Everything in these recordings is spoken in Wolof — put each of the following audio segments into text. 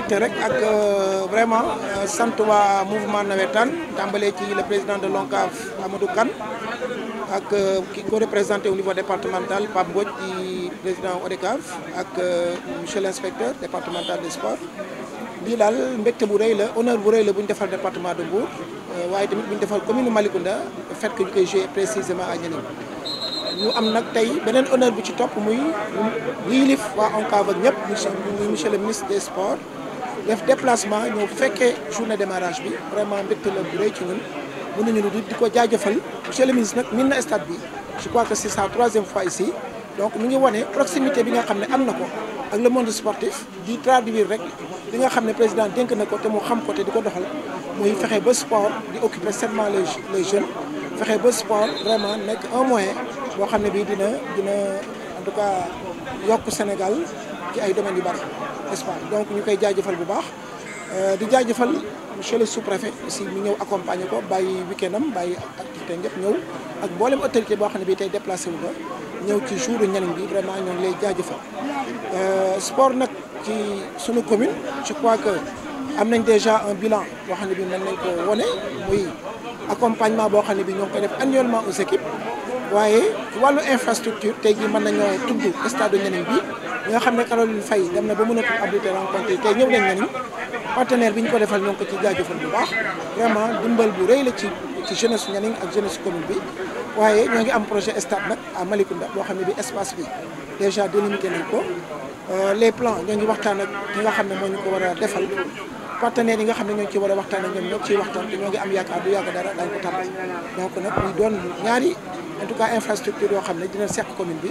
mbégte rek ak euh, vraiment euh, sant waa mouvement nawetaan tambalé ci le président de l'ONCAV Amadou Kane ak qui euh, ko représenté au niveau départemental Pape Mbodj di président ODCAV ak monsieur l'inspecteur départemental des sports lii dal mbégte bu rëy la honneur bu rëy la département de Mbour waaye tamit buñ ñu commune malikunda fait que ñu koy joué précisément à Nianing ñu am nak tay benen honneur bu ci top muy yilif wa ONCAV ak ñëpp monsieur le ministre des sports le déplacement ñoo féké journée de démarrage bi vraiment mbégte le buré ci ñun mënu ñu di ko jaajëfal monsieur le ministre nak min na stade bi je crois que c'est sa troisième fois ici donc mu ngi wone proximité bi nga xamné am na ko ak le monde sportif di traduire rek li nga xamné président dénk na ko te mo xam ko té diko doxal moy fexé ba sport di occuper seulement les les jeunes fexé ba sport vraiment nek un moyen bo xamné bi dina dina en tout cas yok Sénégal ci ay domaines yu bari n'est-ce pas donc ñu koy jaajëfal bu baax euh, di jaajëfal monsieur le sous-préfet aussi mu ñëw accompagner ko bàyyi week-end am bàyyi activité ñëpp ñëw ak mboolem autorité boo xam ne bii tey déplacé wu ba ñëw ci jouru ñaniñ bi vraiment ñoo ngi lay jaajëfal euh, sport nag ci sunu commune je crois que am nañ déjà un bilan boo xam ne bi mën nañ ko wone muy accompagnement boo xam ne bi ñoo ngi koy def annuellement aux équipes waaye wàllu infrastructure tey jii mën nañoo tudd stade Nianing bi nga xam ne Caroline Faye dem na ba mënatul abriter rencontre yi tey nañ nañu partenaire bi ko defal ñoo ngi ko ci jaajëfal bu baax vraiment dimbal bu rëy la ci ci jeunesse Nianing ak jeunesse commune bi waaye ñoo ngi am projet stade nag à Malicounda boo xam ne bi espace bi déjà délimité nañ ko euh, les plans ñoo ngi waxtaan ak ñi nga ne ko yi nga ne ci war waxtaan ak ñoom ñoo ciy waxtaan te ngi am yaakaar du dara ko donc ñu doon ñaari en tout cas infrastructure dina commune bi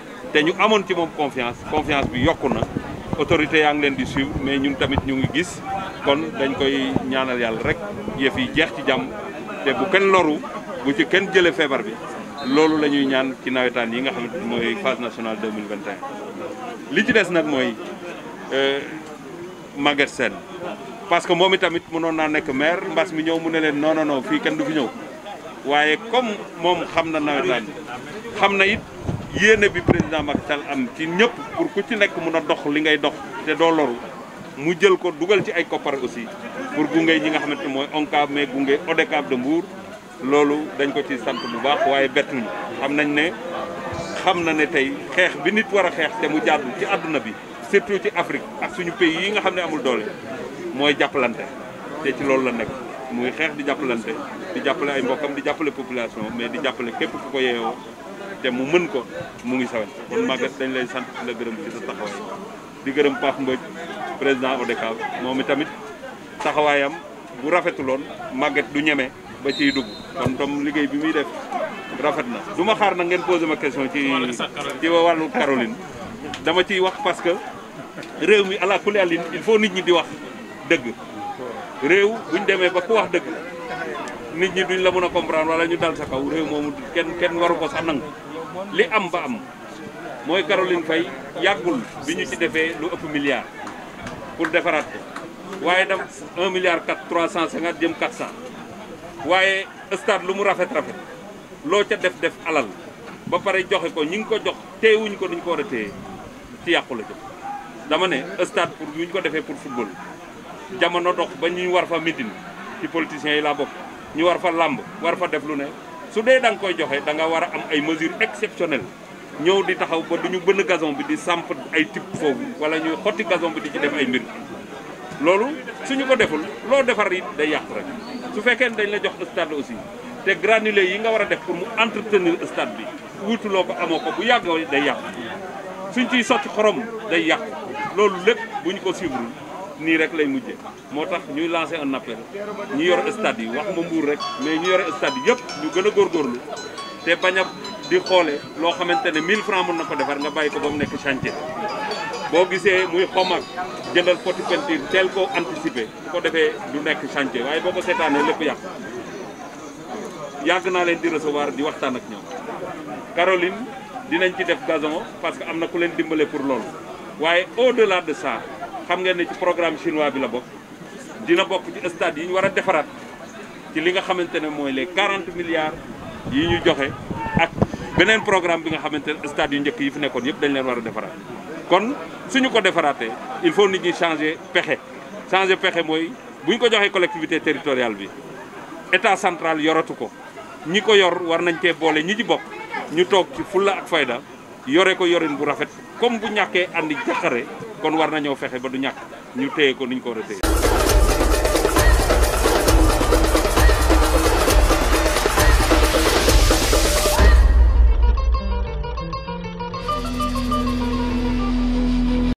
té ñu amoon ci mom confiance confiance bi yokuna autorité yaa ngi leen di suivre mais ñun tamit ñu ngi gis kon dañ koy ñaanal yalla rek yef yi jeex ci jàmm té bu kenn loru bu ci kenn jëlé feebar bi lolu lañuy ñaan ci nawetaan yi nga xamanteni moy phase nationale 2021 li ci des nak moy euh Sène parce que momi tamit mënoon na nek maire mbass mi ñew mu ne len non non non fi kenn du fi ñew waye comme mom xamna na xamna it yéene bi président Macky cal am ci ñëpp pour ku ci nekk mun a dox li ngay dox te doo loru mu jël ko dugal ci ay koppar aussi pour gunge ñi nga xamante mooy ONCAV mais gunge ODCAV de Mbour loolu dañ ko ci sant bu baax waaye bettuñu xam nañ ne xam na ne tey xeex bi nit war a xeex te mu jàddu ci àdduna bi surtout ci Afrique ak suñu pays yi nga xam ne amul doole mooy jàppalante te ci loolu la nekk muy xeex di jàppalante di jàppale ay mbokkam di jàppale population mais di jàppale képp ku ko yeewoo te mu mën ko mu ngi sawen kon Maguette dañ lay sant la gërëm ci taxawaay di gërëm Pape Mbodj président ODCAV moom i tamit taxawaayam bu rafetuloon Maguette du ñeme ba ciy dugg kon tam liggéey bi muy def rafet na du ma xaar na ngeen posé ma question ci ci wàllu Caroline dama ciy wax parce que réew mi àla kulli àllin il faut nit ñi di wax dëgg réew bu buñ demee ba ku wax dëgg nit ñi duñ la mën a comprendre wala ñu dal sa kaw réew moom kenn kenn waru ko sax nangu li am ba am moy Caroline fay yagul biñu ci defee lu ëpp milliard pour défarat ko waye dam 1 milliard 4 350 dem 400 waye stade lu mu rafet rafet lo ca def def alal ba paré joxé ko ñing ko jox teewuñ ko duñ ko wara a ci yàqu la jox dama né stade pour ñu ko défé pour football jamono dox ba ñu war fa meeting ci politiciens yi la bok ñu war fa lamb war fa def lu ne su dee da nga koy joxe da nga war a am ay mesures exceptionnelles ñëw di taxaw ba du ñu bënn gazon bi di samp ay tip foofu wala ñuy xotti gazon bi di ci def ay mbir loolu suñu ko deful loo defar it day yàqu rek su fekkee ne dañ la jox stade aussi te granulés yi nga war a def pour mu entretenir stade bi wutuloo ko amoo ko bu yàgg day yàqu suñ ciy sotti xorom day yàqu loolu lépp bu ñu ko suivre nii rek lay mujje moo tax ñuy lancé en appel ñu yor stade yi wax ma mbuur rek mais ñu yor stade yi yëpp ñu gën a góorgóorlu te bañ a di xoole loo xamante ne 1000 francs mën na ko defar nga bàyyi ko ba mu nekk chantier boo gisee muy xomak jëndal poti peinture teel ko anticiper su ko defee du nekk chantier waaye boo ko seetaanee lépp yàq yàgg naa leen di recevoir di waxtaan ak ñoom Caroline dinañ ci def gazon parce que am na ku leen dimbale pour loolu waaye au delà xam ngeen ne ci programme chinois bi la bokk dina bokk ci stade yi ñu war a defaraat ci li nga xamante ne mooy les 40 milliards yi ñu joxe ak beneen programme bi nga xamante ne stade yu njëkk yi fi nekkoon yëpp dañ leen war a defaraat kon suñu ko defaraatee il faut nit ñi changer pexe changer pexe mooy bu ñu ko joxee collectivité territoriale bi état central yoratu ko ñi ko yor war nañ kee boole ñi ci bokk ñu toog ci fulla ak fayda yore ko yorin bu rafet comme bu ñàkkee andi kon war nañoo fexe ba du ñàkk ñu téye ko ni ko war a téye